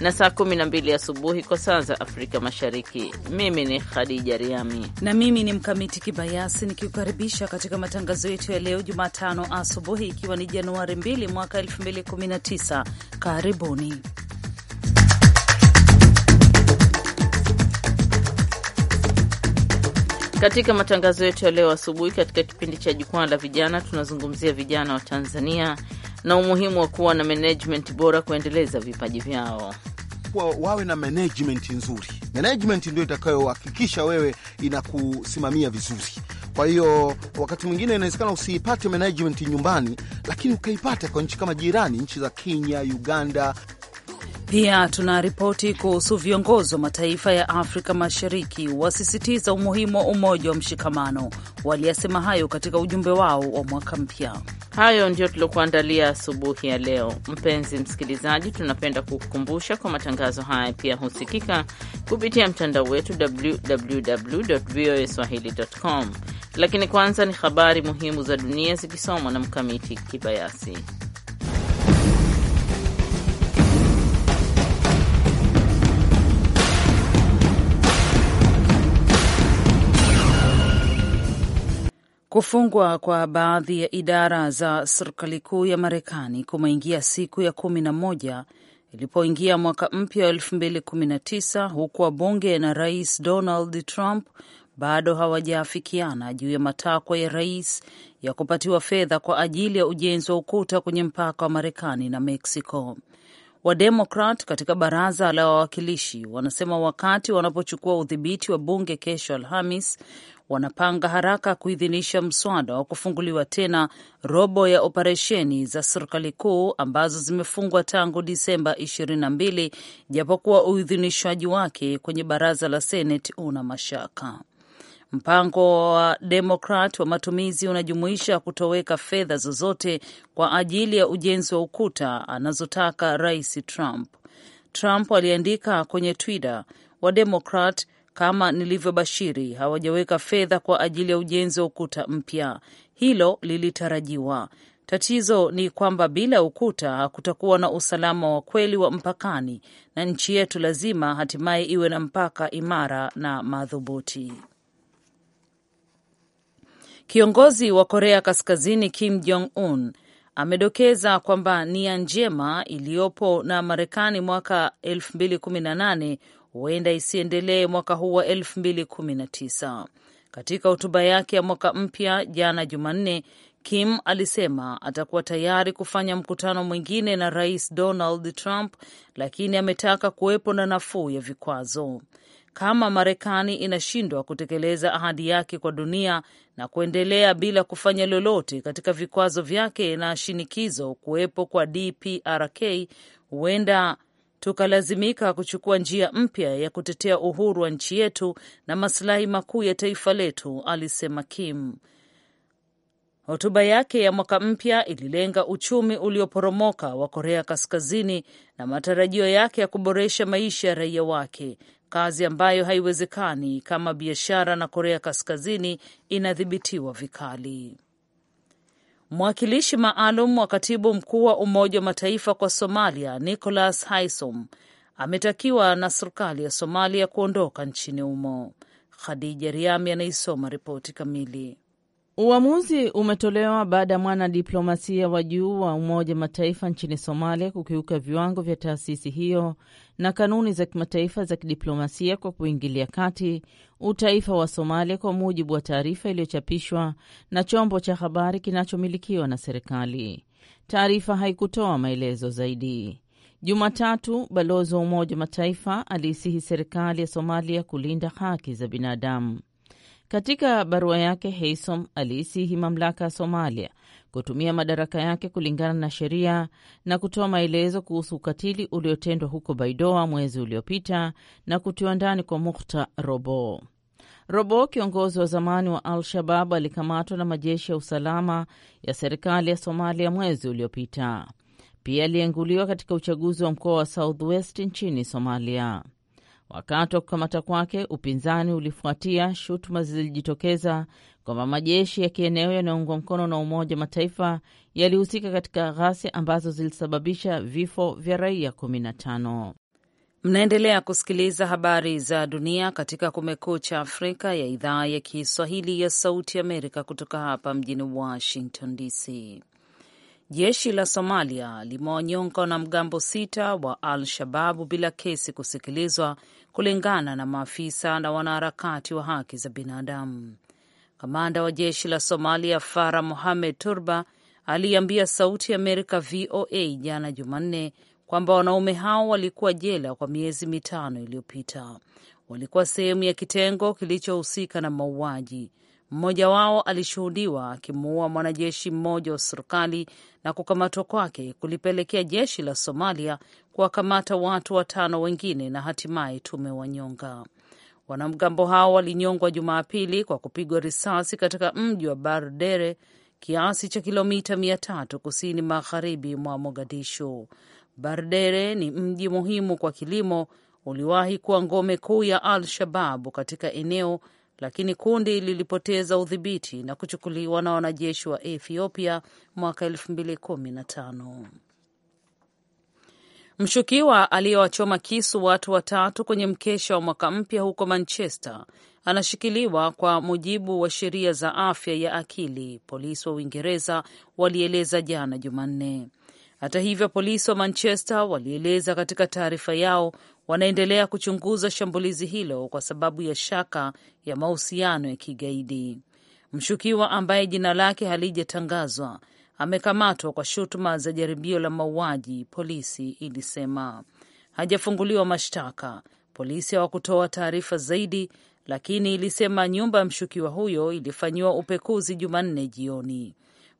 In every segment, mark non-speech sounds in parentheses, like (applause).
na saa 12 asubuhi kwa saa za Afrika Mashariki. Mimi ni Khadija Riami na mimi ni Mkamiti Kibayasi nikikukaribisha katika matangazo yetu ya leo Jumatano asubuhi, ikiwa ni Januari 2 mwaka 2019. Karibuni. Katika matangazo yetu ya leo asubuhi, katika kipindi cha jukwaa la vijana, tunazungumzia vijana wa Tanzania na umuhimu wa kuwa na management bora kuendeleza vipaji vyao wawe na management nzuri. Management ndio itakayohakikisha wewe inakusimamia vizuri. Kwa hiyo wakati mwingine inawezekana usiipate management nyumbani, lakini ukaipata kwa nchi kama jirani, nchi za Kenya, Uganda, pia tuna ripoti kuhusu viongozi wa mataifa ya Afrika Mashariki wasisitiza umuhimu wa umoja wa mshikamano. Waliyasema hayo katika ujumbe wao wa mwaka mpya. Hayo ndio tuliokuandalia asubuhi ya leo. Mpenzi msikilizaji, tunapenda kukukumbusha kwa matangazo haya pia husikika kupitia mtandao wetu www voa swahili com. Lakini kwanza ni habari muhimu za dunia zikisomwa na Mkamiti Kibayasi. Kufungwa kwa baadhi ya idara za serikali kuu ya Marekani kumeingia siku ya kumi na moja ilipoingia mwaka mpya wa elfu mbili kumi na tisa huku wabunge na Rais Donald Trump bado hawajaafikiana juu ya matakwa ya rais ya kupatiwa fedha kwa ajili ya ujenzi wa ukuta kwenye mpaka wa Marekani na Mexico. Wademokrat katika baraza la wawakilishi wanasema wakati wanapochukua udhibiti wa bunge kesho Alhamis, wanapanga haraka kuidhinisha mswada wa kufunguliwa tena robo ya operesheni za serikali kuu ambazo zimefungwa tangu Disemba 22 japokuwa uidhinishwaji wake kwenye baraza la Seneti una mashaka. Mpango wa Demokrat wa matumizi unajumuisha kutoweka fedha zozote kwa ajili ya ujenzi wa ukuta anazotaka Rais Trump. Trump aliandika kwenye Twitter, Wademokrat kama nilivyobashiri, hawajaweka fedha kwa ajili ya ujenzi wa ukuta mpya. Hilo lilitarajiwa. Tatizo ni kwamba bila ukuta hakutakuwa na usalama wa kweli wa mpakani, na nchi yetu lazima hatimaye iwe na mpaka imara na madhubuti. Kiongozi wa Korea Kaskazini Kim Jong Un amedokeza kwamba nia njema iliyopo na Marekani mwaka 2018 huenda isiendelee mwaka huu wa 2019. Katika hotuba yake ya mwaka mpya jana Jumanne, Kim alisema atakuwa tayari kufanya mkutano mwingine na Rais Donald Trump, lakini ametaka kuwepo na nafuu ya vikwazo. Kama Marekani inashindwa kutekeleza ahadi yake kwa dunia na kuendelea bila kufanya lolote katika vikwazo vyake na shinikizo kuwepo kwa DPRK, huenda tukalazimika kuchukua njia mpya ya kutetea uhuru wa nchi yetu na masilahi makuu ya taifa letu, alisema Kim. Hotuba yake ya mwaka mpya ililenga uchumi ulioporomoka wa Korea Kaskazini na matarajio yake ya kuboresha maisha ya raia wake, kazi ambayo haiwezekani kama biashara na Korea Kaskazini inadhibitiwa vikali. Mwakilishi maalum wa katibu mkuu wa Umoja wa Mataifa kwa Somalia Nicholas Haysom ametakiwa na serikali ya Somalia kuondoka nchini humo. Khadija Riami anaisoma ripoti kamili. Uamuzi umetolewa baada ya mwanadiplomasia wa juu wa Umoja Mataifa nchini Somalia kukiuka viwango vya taasisi hiyo na kanuni za kimataifa za kidiplomasia kwa kuingilia kati utaifa wa Somalia, kwa mujibu wa taarifa iliyochapishwa na chombo cha habari kinachomilikiwa na serikali. Taarifa haikutoa maelezo zaidi. Jumatatu, balozi wa Umoja Mataifa aliisihi serikali ya Somalia kulinda haki za binadamu. Katika barua yake, Haysom aliisihi mamlaka ya Somalia kutumia madaraka yake kulingana na sheria na kutoa maelezo kuhusu ukatili uliotendwa huko Baidoa mwezi uliopita na kutiwa ndani kwa Mukta Robo. Robo, kiongozi wa zamani wa Al-Shabab, alikamatwa na majeshi ya usalama ya serikali ya Somalia mwezi uliopita. Pia alienguliwa katika uchaguzi wa mkoa wa Southwest nchini Somalia. Wakati wa kukamata kwake, upinzani ulifuatia shutuma zilijitokeza kwamba majeshi ya kieneo yanayoungwa mkono na Umoja wa Mataifa yalihusika katika ghasia ambazo zilisababisha vifo vya raia 15. Mnaendelea kusikiliza habari za dunia katika Kumekucha Afrika ya idhaa ya Kiswahili ya Sauti Amerika kutoka hapa mjini Washington DC. Jeshi la Somalia limewanyonga wanamgambo sita wa Al-Shababu bila kesi kusikilizwa, kulingana na maafisa na wanaharakati wa haki za binadamu. Kamanda wa jeshi la Somalia Farah Mohamed Turba aliambia Sauti ya Amerika VOA jana Jumanne kwamba wanaume hao walikuwa jela kwa miezi mitano iliyopita. Walikuwa sehemu ya kitengo kilichohusika na mauaji. Mmoja wao alishuhudiwa akimuua mwanajeshi mmoja wa serikali na kukamatwa kwake kulipelekea jeshi la Somalia kuwakamata watu watano wengine na hatimaye tumewanyonga. Wanamgambo hao walinyongwa Jumapili kwa kupigwa risasi katika mji wa Bardere, kiasi cha kilomita mia tatu kusini magharibi mwa Mogadishu. Bardere ni mji muhimu kwa kilimo, uliwahi kuwa ngome kuu ya Al Shababu katika eneo lakini kundi lilipoteza udhibiti na kuchukuliwa na wanajeshi wa Ethiopia mwaka 2015. Mshukiwa aliyewachoma kisu watu watatu kwenye mkesha wa mwaka mpya huko Manchester anashikiliwa kwa mujibu wa sheria za afya ya akili, polisi wa Uingereza walieleza jana Jumanne. Hata hivyo, polisi wa Manchester walieleza katika taarifa yao wanaendelea kuchunguza shambulizi hilo kwa sababu ya shaka ya mahusiano ya kigaidi. Mshukiwa ambaye jina lake halijatangazwa amekamatwa kwa shutuma za jaribio la mauaji, polisi ilisema. Hajafunguliwa mashtaka. Polisi hawakutoa taarifa zaidi, lakini ilisema nyumba ya mshukiwa huyo ilifanyiwa upekuzi Jumanne jioni.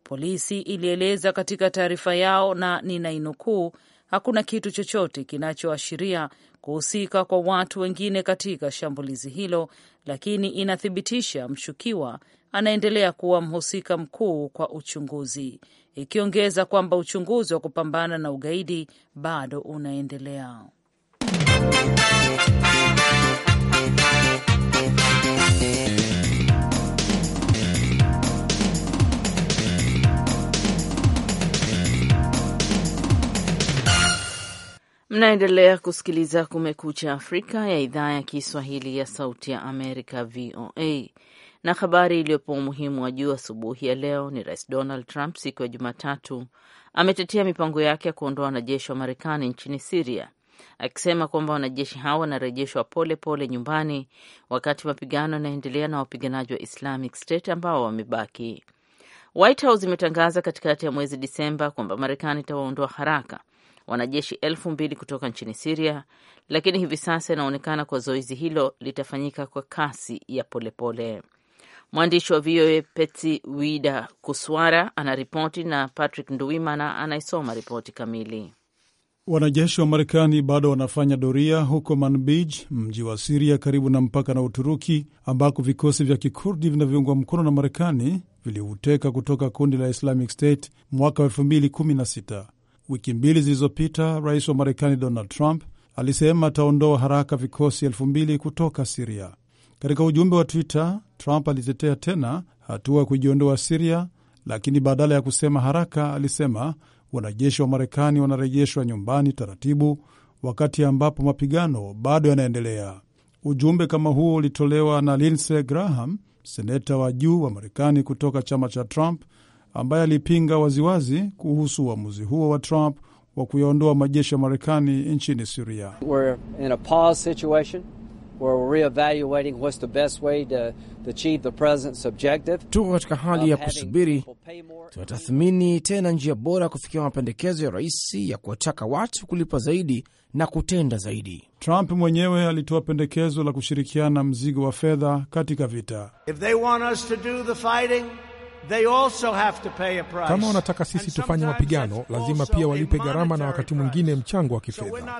Polisi ilieleza katika taarifa yao, na ninainukuu, hakuna kitu chochote kinachoashiria kuhusika kwa watu wengine katika shambulizi hilo, lakini inathibitisha mshukiwa anaendelea kuwa mhusika mkuu kwa uchunguzi, ikiongeza kwamba uchunguzi wa kupambana na ugaidi bado unaendelea. Mnaendelea kusikiliza Kumekucha Afrika ya idhaa ya Kiswahili ya Sauti ya Amerika, VOA. Na habari iliyopo umuhimu wa juu asubuhi ya leo ni Rais Donald Trump siku ya Jumatatu ametetea mipango yake ya kuondoa wanajeshi wa Marekani nchini Siria, akisema kwamba wanajeshi hao wanarejeshwa pole pole nyumbani, wakati mapigano yanaendelea na wapiganaji wa Islamic State ambao wamebaki. White House imetangaza katikati ya mwezi Disemba kwamba Marekani itawaondoa haraka wanajeshi elfu mbili kutoka nchini Siria, lakini hivi sasa inaonekana kwa zoezi hilo litafanyika kwa kasi ya polepole. Mwandishi wa VOA Peti Wida Kuswara anaripoti na Patrick Nduwimana anayesoma ripoti kamili. Wanajeshi wa Marekani bado wanafanya doria huko Manbij, mji wa Siria karibu na mpaka na Uturuki, ambako vikosi vya kikurdi vinavyoungwa mkono na Marekani viliuteka kutoka kundi la Islamic State mwaka wa Wiki mbili zilizopita, rais wa Marekani Donald Trump alisema ataondoa haraka vikosi elfu mbili kutoka Siria. Katika ujumbe wa Twitter, Trump alitetea tena hatua ya kujiondoa Siria, lakini badala ya kusema haraka alisema wanajeshi wa Marekani wanarejeshwa nyumbani taratibu, wakati ambapo mapigano bado yanaendelea. Ujumbe kama huo ulitolewa na Lindsey Graham, seneta wa juu wa Marekani kutoka chama cha Trump, ambaye alipinga waziwazi kuhusu uamuzi wa huo wa Trump wa kuyaondoa majeshi ya Marekani nchini Siria. Tuko katika hali um, ya kusubiri, tunatathmini tena njia bora kufikia mapendekezo ya rais ya kuwataka watu kulipa zaidi na kutenda zaidi. Trump mwenyewe alitoa pendekezo la kushirikiana mzigo wa fedha katika vita If they want us to do the fighting, kama wanataka sisi tufanye mapigano, lazima pia walipe gharama na wakati mwingine mchango wa kifedha.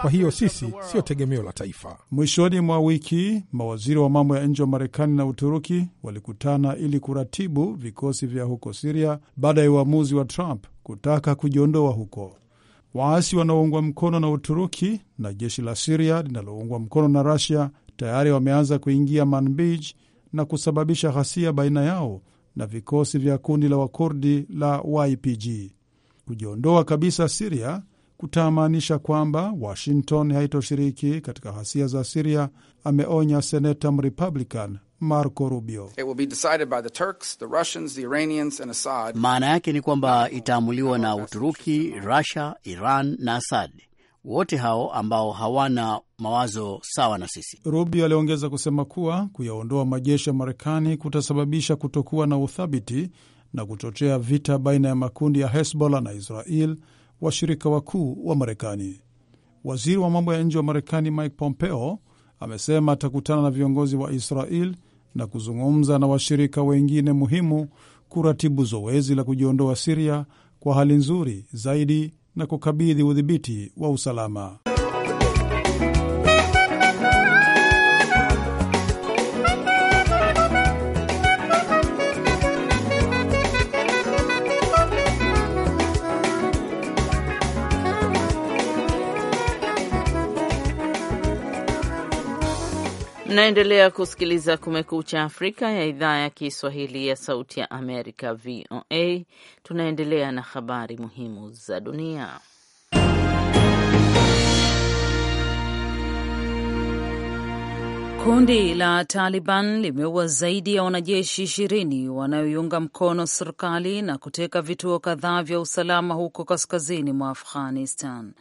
Kwa hiyo sisi sio tegemeo la taifa. Mwishoni mwa wiki, mawaziri wa mambo ya nje wa Marekani na Uturuki walikutana ili kuratibu vikosi vya huko Siria baada ya uamuzi wa Trump kutaka kujiondoa huko. Waasi wanaoungwa mkono na Uturuki na jeshi la Siria linaloungwa mkono na Rasia tayari wameanza kuingia Manbij na kusababisha ghasia baina yao na vikosi vya kundi la wakurdi la YPG. Kujiondoa kabisa Siria kutamaanisha kwamba Washington haitoshiriki katika ghasia za Siria, ameonya seneta Mrepublican Marco Rubio. Maana yake ni kwamba itaamuliwa na Uturuki, Rusia, Iran na Asad wote hao ambao hawana mawazo sawa na sisi. Rubio aliongeza kusema kuwa kuyaondoa majeshi ya Marekani kutasababisha kutokuwa na uthabiti na kuchochea vita baina ya makundi ya Hezbollah na Israel, washirika wakuu wa Marekani. Waziri wa mambo ya nje wa Marekani Mike Pompeo amesema atakutana na viongozi wa Israel na kuzungumza na washirika wengine muhimu kuratibu zoezi la kujiondoa Siria kwa hali nzuri zaidi na kukabidhi udhibiti wa usalama. Mnaendelea kusikiliza Kumekucha Afrika ya idhaa ya Kiswahili ya Sauti ya Amerika, VOA. Tunaendelea na habari muhimu za dunia. Kundi la Taliban limeua zaidi ya wanajeshi ishirini wanaoiunga mkono serikali na kuteka vituo kadhaa vya usalama huko kaskazini mwa Afghanistan.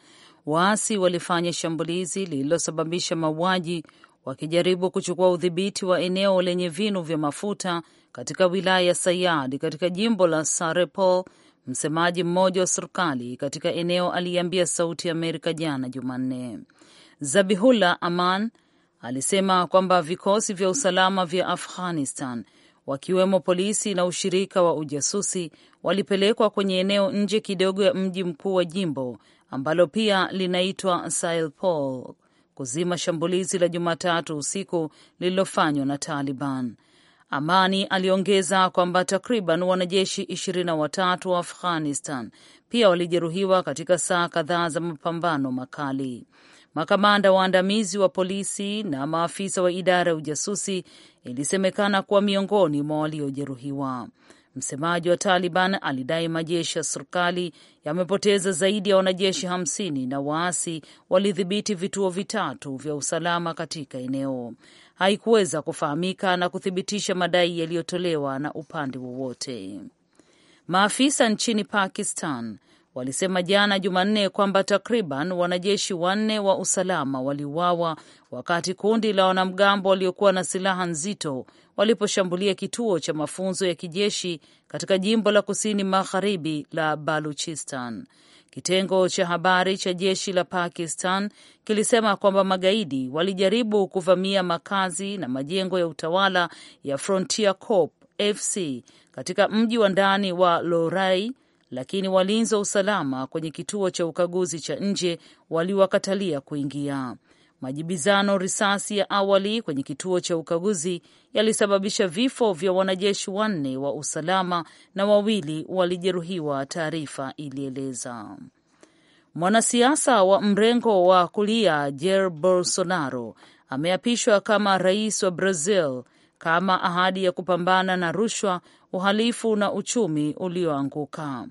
Waasi walifanya shambulizi lililosababisha mauaji wakijaribu kuchukua udhibiti wa eneo lenye vinu vya mafuta katika wilaya ya Sayad katika jimbo la Sarepol. Msemaji mmoja wa serikali katika eneo aliambia Sauti ya Amerika jana Jumanne. Zabihullah Aman alisema kwamba vikosi vya usalama vya Afghanistan wakiwemo polisi na ushirika wa ujasusi walipelekwa kwenye eneo nje kidogo ya mji mkuu wa jimbo ambalo pia linaitwa Sailpol kuzima shambulizi la Jumatatu usiku lililofanywa na Taliban. Amani aliongeza kwamba takriban wanajeshi ishirini na watatu wa Afghanistan pia walijeruhiwa katika saa kadhaa za mapambano makali. Makamanda waandamizi wa polisi na maafisa wa idara ya ujasusi ilisemekana kuwa miongoni mwa waliojeruhiwa. Msemaji wa Taliban alidai majeshi ya serikali yamepoteza zaidi ya wanajeshi hamsini na waasi walidhibiti vituo vitatu vya usalama katika eneo. Haikuweza kufahamika na kuthibitisha madai yaliyotolewa na upande wowote. Maafisa nchini Pakistan walisema jana Jumanne kwamba takriban wanajeshi wanne wa usalama waliuawa wakati kundi la wanamgambo waliokuwa na silaha nzito waliposhambulia kituo cha mafunzo ya kijeshi katika jimbo la kusini magharibi la Baluchistan. Kitengo cha habari cha jeshi la Pakistan kilisema kwamba magaidi walijaribu kuvamia makazi na majengo ya utawala ya Frontier Corps FC katika mji wa ndani wa Lorai lakini walinzi wa usalama kwenye kituo cha ukaguzi cha nje waliwakatalia kuingia. Majibizano risasi ya awali kwenye kituo cha ukaguzi yalisababisha vifo vya wanajeshi wanne wa usalama na wawili walijeruhiwa, taarifa ilieleza. Mwanasiasa wa mrengo wa kulia Jair Bolsonaro ameapishwa kama rais wa Brazil kama ahadi ya kupambana na rushwa, uhalifu na uchumi ulioanguka.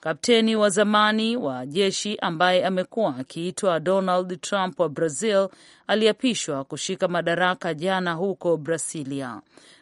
Kapteni wa zamani wa jeshi ambaye amekuwa akiitwa Donald Trump wa Brazil aliapishwa kushika madaraka jana huko Brasilia.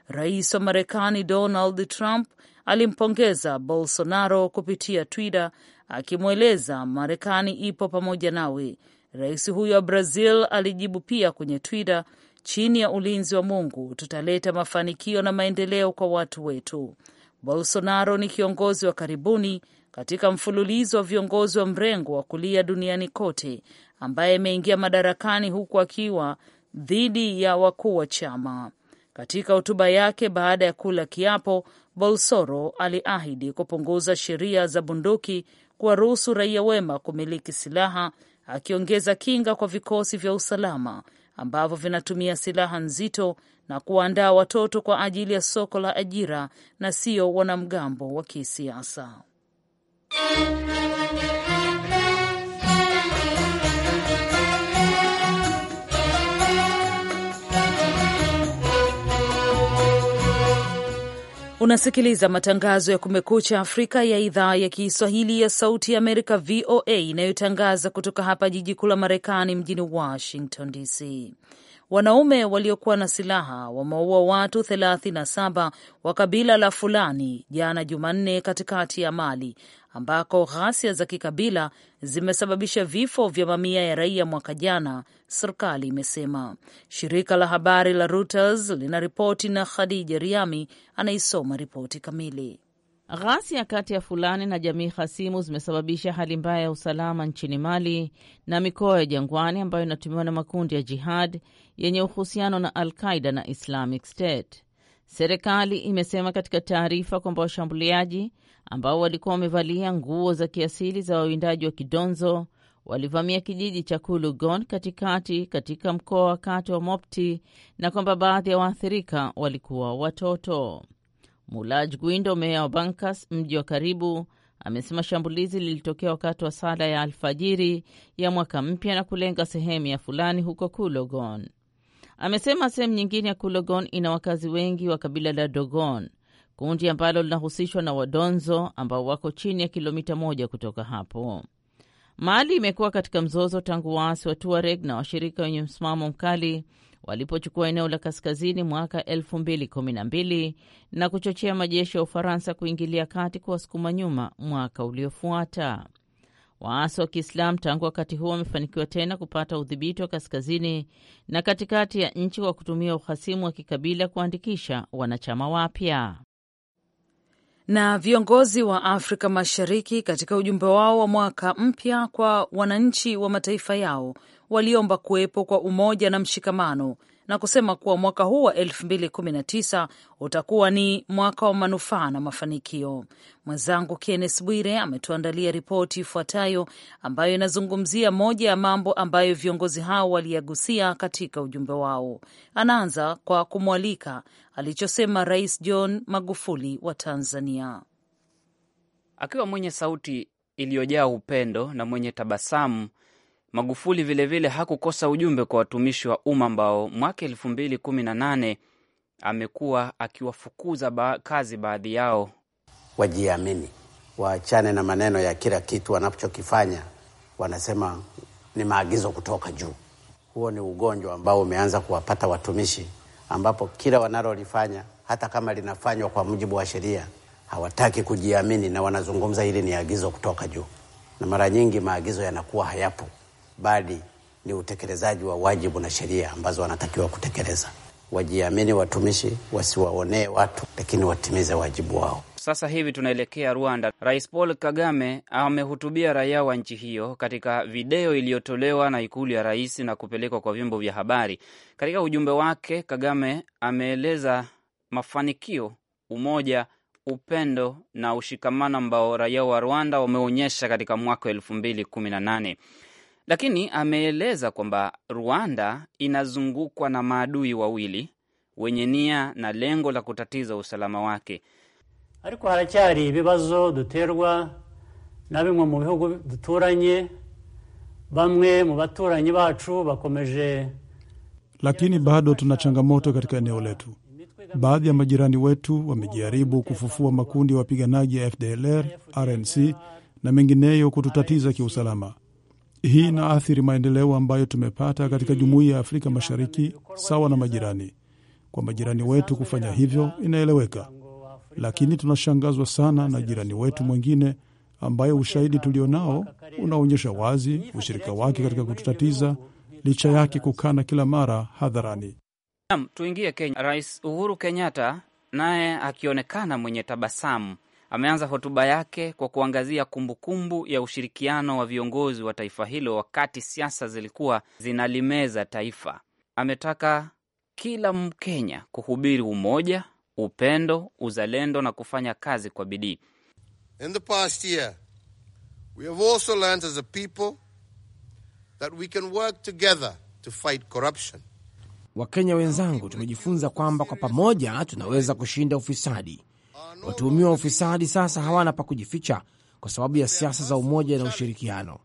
Rais wa Marekani Donald Trump alimpongeza Bolsonaro kupitia Twitter akimweleza Marekani ipo pamoja nawe. Rais huyo wa Brazil alijibu pia kwenye Twitter, chini ya ulinzi wa Mungu tutaleta mafanikio na maendeleo kwa watu wetu. Bolsonaro ni kiongozi wa karibuni katika mfululizo wa viongozi wa mrengo wa kulia duniani kote ambaye ameingia madarakani huku akiwa dhidi ya wakuu wa chama. Katika hotuba yake baada ya kula kiapo, bolsoro aliahidi kupunguza sheria za bunduki, kuwaruhusu raia wema kumiliki silaha, akiongeza kinga kwa vikosi vya usalama ambavyo vinatumia silaha nzito na kuwaandaa watoto kwa ajili ya soko la ajira na sio wanamgambo wa kisiasa. Unasikiliza matangazo ya Kumekucha Afrika ya idhaa ya Kiswahili ya Sauti ya Amerika, VOA, inayotangaza kutoka hapa jiji kuu la Marekani, mjini Washington DC. Wanaume waliokuwa na silaha wameua watu 37 wa kabila la Fulani jana Jumanne katikati ya Mali ambako ghasia za kikabila zimesababisha vifo vya mamia ya raia mwaka jana, serikali imesema. Shirika la habari la Reuters linaripoti na Khadija Riami anaisoma ripoti kamili. Ghasia kati ya Fulani na jamii hasimu zimesababisha hali mbaya ya usalama nchini Mali na mikoa ya jangwani ambayo inatumiwa na makundi ya jihad yenye uhusiano na Al Qaida na Islamic State. Serikali imesema katika taarifa kwamba washambuliaji ambao walikuwa wamevalia nguo za kiasili za wawindaji wa Kidonzo walivamia kijiji cha Kulugon katikati katika mkoa wa kati wa Mopti na kwamba baadhi ya waathirika walikuwa watoto. Mulaj Guindo, meya wa Bankas, mji wa karibu, amesema shambulizi lilitokea wakati wa sala ya alfajiri ya mwaka mpya na kulenga sehemu ya fulani huko Kulogon. Amesema sehemu nyingine ya Kulogon ina wakazi wengi wa kabila la Dogon, kundi ambalo linahusishwa na Wadonzo ambao wako chini ya kilomita moja kutoka hapo. Mali imekuwa katika mzozo tangu waasi wa Tuareg na washirika wenye msimamo mkali walipochukua eneo la kaskazini mwaka 2012 na kuchochea majeshi ya Ufaransa kuingilia kati kuwasukuma nyuma mwaka uliofuata. Waasi wa Kiislamu tangu wakati huo wamefanikiwa tena kupata udhibiti wa kaskazini na katikati ya nchi kwa kutumia uhasimu wa kikabila kuandikisha wanachama wapya. Na viongozi wa Afrika Mashariki katika ujumbe wao wa mwaka mpya kwa wananchi wa mataifa yao waliomba kuwepo kwa umoja na mshikamano na kusema kuwa mwaka huu wa 2019 utakuwa ni mwaka wa manufaa na mafanikio. Mwenzangu Kennes Bwire ametuandalia ripoti ifuatayo ambayo inazungumzia moja ya mambo ambayo viongozi hao waliyagusia katika ujumbe wao. Anaanza kwa kumwalika alichosema Rais John Magufuli wa Tanzania, akiwa mwenye sauti iliyojaa upendo na mwenye tabasamu Magufuli vilevile hakukosa ujumbe kwa watumishi wa umma ambao mwaka elfu mbili kumi na nane amekuwa akiwafukuza ba kazi baadhi yao. Wajiamini, waachane na maneno ya kila kitu wanachokifanya wanasema ni maagizo kutoka juu. Huo ni ugonjwa ambao umeanza kuwapata watumishi, ambapo kila wanalolifanya hata kama linafanywa kwa mujibu wa sheria hawataki kujiamini, na wanazungumza hili ni agizo kutoka juu, na mara nyingi maagizo yanakuwa hayapo bali ni utekelezaji wa wajibu na sheria ambazo wanatakiwa kutekeleza. Wajiamini watumishi, wasiwaonee watu, lakini watimize wajibu wao. Sasa hivi tunaelekea Rwanda. Rais Paul Kagame amehutubia raia wa nchi hiyo katika video iliyotolewa na ikulu ya rais na kupelekwa kwa vyombo vya habari. Katika ujumbe wake, Kagame ameeleza mafanikio, umoja, upendo na ushikamano ambao raia wa Rwanda wameonyesha katika mwaka wa elfu mbili kumi na nane lakini ameeleza kwamba Rwanda inazungukwa na maadui wawili wenye nia na lengo la kutatiza usalama wake. ariko haracyari ibibazo duterwa na bimwe mu bihugu duturanye bamwe mu baturanyi bacu bakomeje, lakini bado tuna changamoto katika eneo letu. Baadhi ya majirani wetu wamejaribu kufufua makundi ya wapiganaji ya FDLR, RNC na mengineyo kututatiza kiusalama. Hii inaathiri maendeleo ambayo tumepata katika jumuiya ya Afrika Mashariki sawa na majirani. Kwa majirani wetu kufanya hivyo inaeleweka, lakini tunashangazwa sana na jirani wetu mwingine ambaye ushahidi tulionao unaonyesha wazi ushirika wake katika kututatiza licha yake kukana kila mara hadharani. Naam, tuingie Kenya. Rais Uhuru Kenyatta naye akionekana mwenye tabasamu Ameanza hotuba yake kwa kuangazia kumbukumbu kumbu ya ushirikiano wa viongozi wa taifa hilo wakati siasa zilikuwa zinalimeza taifa. Ametaka kila Mkenya kuhubiri umoja, upendo, uzalendo na kufanya kazi kwa bidii. In the past year, we have also learned as a people that we can work together to fight corruption. Wakenya wenzangu, tumejifunza kwamba kwa pamoja tunaweza kushinda ufisadi Watuhumiwa wa ufisadi sasa hawana pa kujificha kwa sababu ya siasa za umoja na ushirikiano.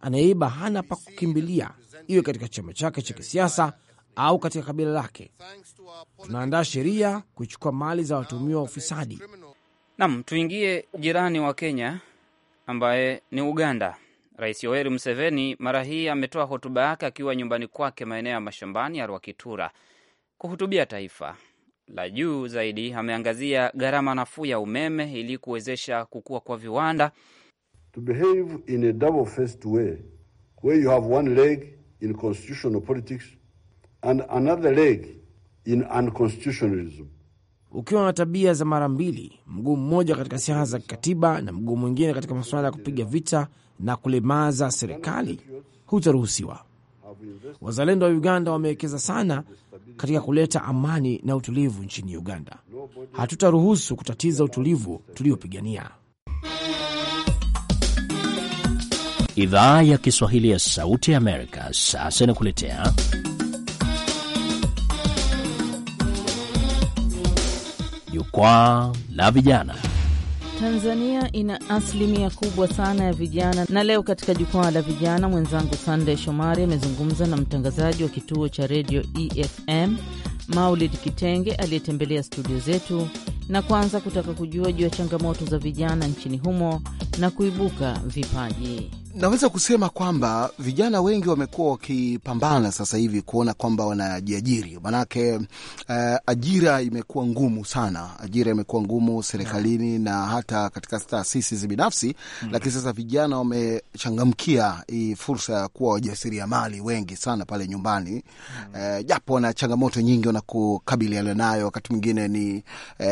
Anayeiba hana pa kukimbilia, iwe katika chama chake cha kisiasa au katika kabila lake. Tunaandaa sheria kuichukua mali za watuhumiwa wa ufisadi. Nam, tuingie jirani wa Kenya ambaye ni Uganda. Rais Yoweri Museveni mara hii ametoa hotuba yake akiwa nyumbani kwake maeneo ya mashambani ya Rwakitura kuhutubia taifa la juu zaidi. Ameangazia gharama nafuu ya umeme ili kuwezesha kukua kwa viwanda. To behave in a double-faced way where you have one leg in constitutional politics and another leg in unconstitutionalism ukiwa na tabia za mara mbili, mguu mmoja katika siasa za kikatiba na mguu mwingine katika masuala ya kupiga vita na kulemaza serikali, hutaruhusiwa. Wazalendo wa Uganda wamewekeza sana katika kuleta amani na utulivu nchini Uganda. Hatutaruhusu kutatiza utulivu tuliopigania. Idhaa ya Kiswahili ya Sauti ya Amerika sasa inakuletea Jukwaa la Vijana. Tanzania ina asilimia kubwa sana ya vijana, na leo katika jukwaa la vijana, mwenzangu Sandey Shomari amezungumza na mtangazaji wa kituo cha redio EFM Maulid Kitenge aliyetembelea studio zetu na kwanza kutaka kujua juu ya changamoto za vijana nchini humo na kuibuka vipaji naweza kusema kwamba vijana wengi wamekuwa wakipambana sasa hivi kuona kwamba wanajiajiri, manake uh, ajira imekuwa ngumu sana. Ajira imekuwa ngumu serikalini yeah, na hata katika taasisi binafsi mm. Lakini sasa vijana wamechangamkia hii fursa ya kuwa wajasiriamali wengi sana pale nyumbani mm. Uh, japo wana changamoto nyingi wanakukabiliana nayo, wakati mwingine ni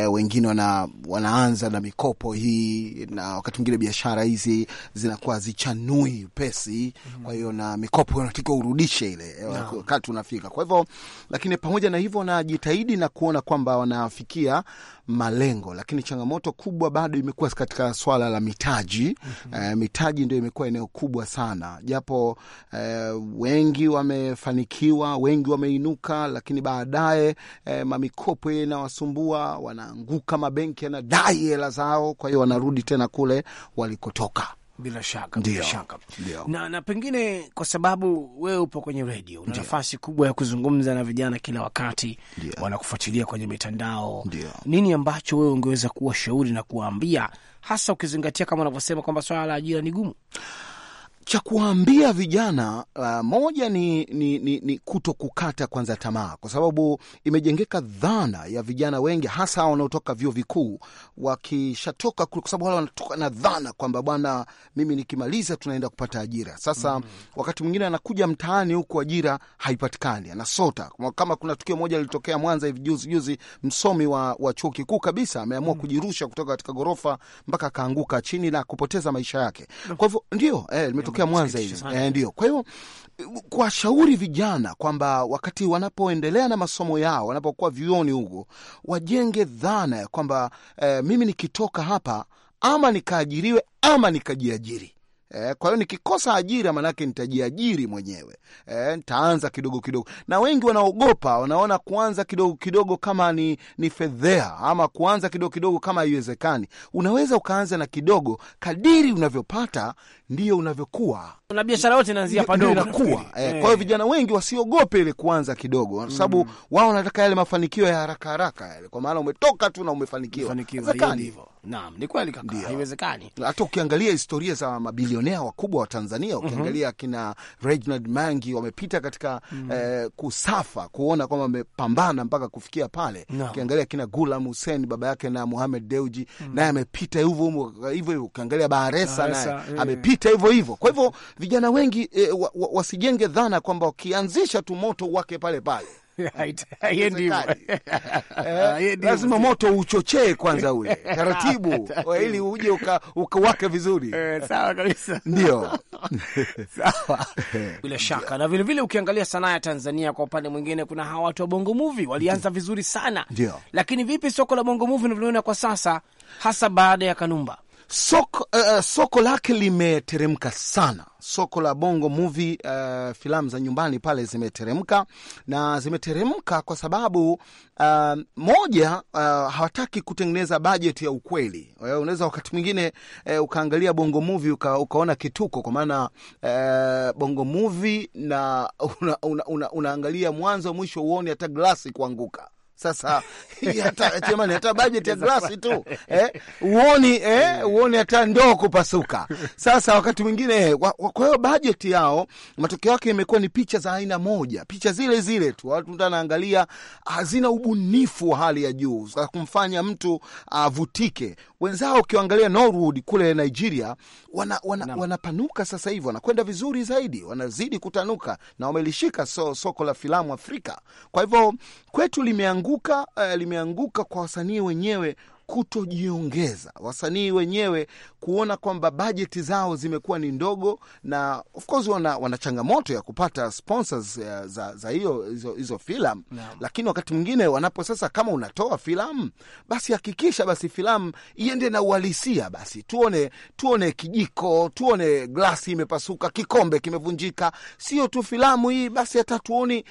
uh, wengine wana, wanaanza na mikopo hii na wakati mwingine biashara hizi zinakuwa zichan hainui pesi mm. Kwa hiyo na mikopo unatakiwa urudishe ile eh, wakati no. unafika. Kwa hivyo, lakini pamoja na hivyo wanajitahidi na kuona kwamba wanafikia malengo, lakini changamoto kubwa bado imekuwa katika swala la mitaji mm -hmm. E, mitaji ndio imekuwa eneo kubwa sana, japo e, wengi wamefanikiwa, wengi wameinuka, lakini baadaye e, mamikopo inawasumbua, wanaanguka, mabenki yanadai hela zao, kwa hiyo wanarudi tena kule walikotoka. Bila shaka, bila shaka. Na, na pengine kwa sababu wewe upo kwenye redio una nafasi kubwa ya kuzungumza na vijana kila wakati, wanakufuatilia kwenye mitandao. Nini ambacho wewe ungeweza kuwa shauri na kuwaambia, hasa ukizingatia kama unavyosema kwamba swala la ajira ni gumu? cha kuwaambia vijana uh, moja ni, ni, ni, ni kuto kukata kwanza tamaa, kwa sababu imejengeka dhana ya vijana wengi hasa wanaotoka vyuo vikuu wakishatoka, kwa sababu wale wanatoka na dhana kwamba bwana, mimi nikimaliza tunaenda kupata ajira. Sasa mm -hmm. wakati mwingine anakuja mtaani huku ajira haipatikani, anasota. Kama kuna tukio moja lilitokea Mwanza hivi juzi juzi, msomi wa, wa chuo kikuu kabisa ameamua mm -hmm. kujirusha kutoka katika ghorofa mpaka akaanguka chini na kupoteza maisha yake. Mm. Kwa hivyo ndio eh, limetokea ya Mwanza hizi eh, ndio. Kwa hiyo kuwashauri vijana kwamba wakati wanapoendelea na masomo yao, wanapokuwa vyuoni huko, wajenge dhana ya kwamba eh, mimi nikitoka hapa ama nikaajiriwe ama nikajiajiri E, kwa hiyo nikikosa ajira maanake nitajiajiri mwenyewe. E, eh, ntaanza kidogo kidogo, na wengi wanaogopa, wanaona kuanza kidogo kidogo kama ni, ni fedhea ama kuanza kidogo kidogo kama haiwezekani. Unaweza ukaanza na kidogo, kadiri unavyopata ndiyo unavyokuwa na biashara yote inaanzia padogo inakuwa. E, e. kwa hiyo vijana wengi wasiogope ile kuanza kidogo, kwa sababu mm, wao wanataka yale mafanikio ya haraka haraka yale, kwa maana umetoka tu na umefanikiwa. Naam, ni kweli kaka, haiwezekani. Hata ukiangalia historia za mabilioni mabilionea wakubwa wa Tanzania mhm. ukiangalia mm -hmm. kina Reginald Mangi wamepita katika mm -hmm. eh, kusafa kuona kwamba wamepambana mpaka kufikia pale no. Ukiangalia kina Gulam Hussein baba yake na muhamed Deuji mm -hmm. naye amepita hivo hivo, Ukiangalia baharesa naye eh. amepita hivo hivo Kwa hivyo vijana wengi eh, wasijenge wa, wa dhana kwamba wakianzisha tu moto wake pale pale (laughs) (laughs) Eh, (laughs) lazima moto uchochee kwanza ule taratibu, ili uje ukawake vizuri. Eh, sawa kabisa, ndio sawa, bila shaka. Na vilevile ukiangalia sanaa ya Tanzania kwa upande mwingine, kuna hawa watu wa Bongo mvi walianza vizuri sana, ndio. Lakini vipi soko la Bongo Movie unavyoona kwa sasa, hasa baada ya Kanumba? Soko, uh, soko lake limeteremka sana soko la bongo movie uh, filamu za nyumbani pale zimeteremka na zimeteremka kwa sababu uh, moja uh, hawataki kutengeneza bajeti ya ukweli. Unaweza wakati mwingine uh, ukaangalia bongo movie uka, ukaona kituko kwa maana uh, bongo movie na una, una, una, unaangalia mwanzo mwisho uone hata glasi kuanguka sasa (laughs) hata jamani, hata bajeti ya glasi tu eh, uoni eh, (laughs) uoni hata ndoo kupasuka. Sasa wakati mwingine, kwa hiyo bajeti yao matokeo yake imekuwa ni picha za aina moja, picha zile zile tu. Watu mtu anaangalia, hazina ubunifu wa hali ya juu za kumfanya mtu avutike wenzao ukiangalia Norwood kule Nigeria wana, wana, wanapanuka sasa hivi, wanakwenda vizuri zaidi, wanazidi kutanuka na wamelishika so, soko la filamu Afrika. Kwa hivyo kwetu limeanguka, uh, limeanguka kwa wasanii wenyewe kutojiongeza, wasanii wenyewe kuona kwamba bajeti zao zimekuwa ni ndogo, na of course wana, wana changamoto ya kupata sponsors eh, za, za hiyo hizo filamu yeah. Lakini wakati mwingine wanapo sasa, kama unatoa filamu basi hakikisha basi filamu iende na uhalisia, basi tuone tuone kijiko, tuone glasi imepasuka, kikombe kimevunjika, sio tu filamu hii basi hata tuoni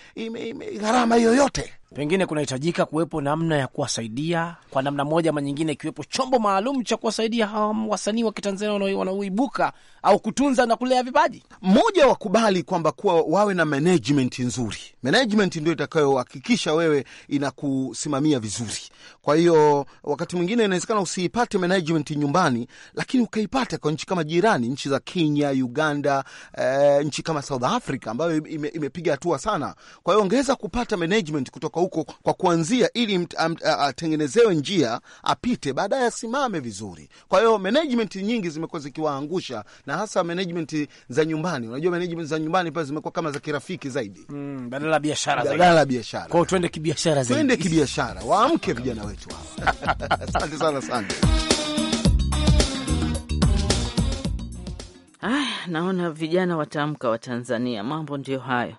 gharama yoyote pengine kunahitajika kuwepo namna ya kuwasaidia kwa namna moja ama nyingine, ikiwepo chombo maalum cha kuwasaidia hawa wasanii wa Kitanzania wanaoibuka au kutunza na kulea vipaji. Mmoja wakubali kwamba kuwa wawe na management nzuri. Management ndio itakayohakikisha wewe inakusimamia vizuri. Kwa hiyo wakati mwingine inawezekana usiipate management nyumbani, lakini ukaipata kwa nchi kama jirani, nchi za Kenya, Uganda, eh, nchi kama South Africa ambayo imepiga ime hatua sana. Kwa hiyo ongeza kupata management kutoka kutoka huko kwa kuanzia, ili atengenezewe njia apite, baadaye asimame vizuri. Kwa hiyo management nyingi zimekuwa zikiwaangusha, na hasa management za nyumbani. Unajua management za nyumbani pale zimekuwa kama za kirafiki zaidi, mm, badala ya biashara zaidi, badala ya biashara. Kwa hiyo twende kibiashara zaidi, twende kibiashara, waamke vijana wetu hapa. (laughs) Asante sana sana. Aya, naona vijana wataamka wa Tanzania. Mambo ndiyo hayo.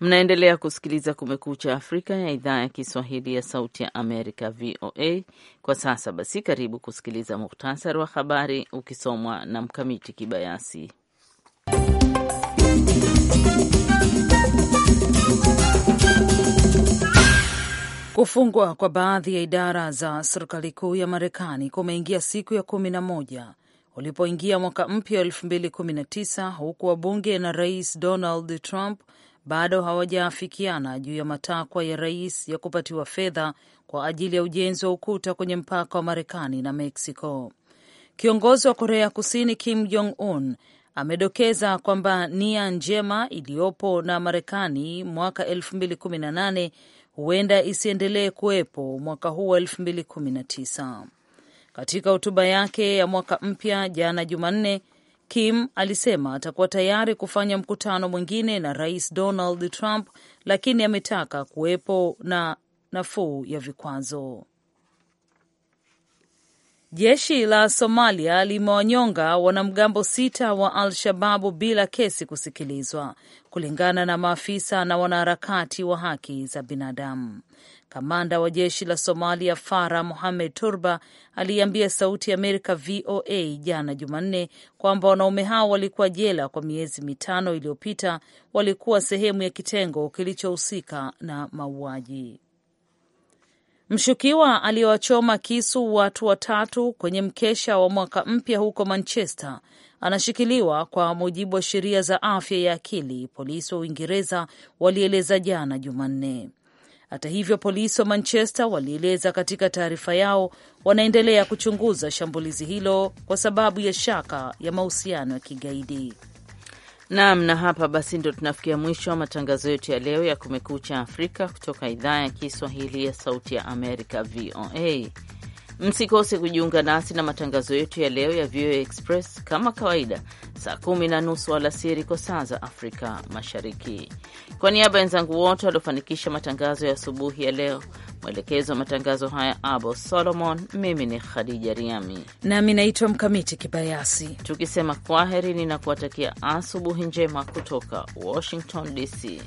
Mnaendelea kusikiliza Kumekucha Afrika ya idhaa ya Kiswahili ya Sauti ya Amerika, VOA. Kwa sasa basi, karibu kusikiliza muhtasari wa habari ukisomwa na Mkamiti Kibayasi. Kufungwa kwa baadhi ya idara za serikali kuu ya Marekani kumeingia siku ya kumi na moja ulipoingia mwaka mpya wa 2019 huku wabunge na Rais Donald Trump bado hawajaafikiana juu ya matakwa ya rais ya kupatiwa fedha kwa ajili ya ujenzi wa ukuta kwenye mpaka wa Marekani na mexico Kiongozi wa Korea Kusini Kim Jong Un amedokeza kwamba nia njema iliyopo na Marekani mwaka 2018 huenda isiendelee kuwepo mwaka huu wa katika hotuba yake ya mwaka mpya jana Jumanne, Kim alisema atakuwa tayari kufanya mkutano mwingine na Rais Donald Trump, lakini ametaka kuwepo na nafuu ya vikwazo. Jeshi la Somalia limewanyonga wanamgambo sita wa Al-Shababu bila kesi kusikilizwa, kulingana na maafisa na wanaharakati wa haki za binadamu. Kamanda wa jeshi la Somalia Farah muhamed Turba aliambia Sauti ya Amerika VOA jana Jumanne kwamba wanaume hao walikuwa jela kwa miezi mitano iliyopita, walikuwa sehemu ya kitengo kilichohusika na mauaji. Mshukiwa aliyewachoma kisu watu watatu kwenye mkesha wa mwaka mpya huko Manchester anashikiliwa kwa mujibu wa sheria za afya ya akili, polisi wa Uingereza walieleza jana Jumanne. Hata hivyo, polisi wa Manchester walieleza katika taarifa yao wanaendelea kuchunguza shambulizi hilo kwa sababu ya shaka ya mahusiano ya kigaidi. Naam, na hapa basi ndo tunafikia mwisho wa matangazo yetu ya leo ya Kumekucha Afrika kutoka idhaa ya Kiswahili ya Sauti ya Amerika, VOA. Msikose kujiunga nasi na matangazo yetu ya leo ya VOA Express kama kawaida, saa kumi na nusu alasiri kwa saa za Afrika Mashariki. Kwa niaba ya wenzangu wote waliofanikisha matangazo ya asubuhi ya leo, mwelekezo wa matangazo haya Abo Solomon, mimi ni Khadija Riami nami naitwa Mkamiti Kibayasi, tukisema na kuwatakia asubuhi njema kutoka Washington DC.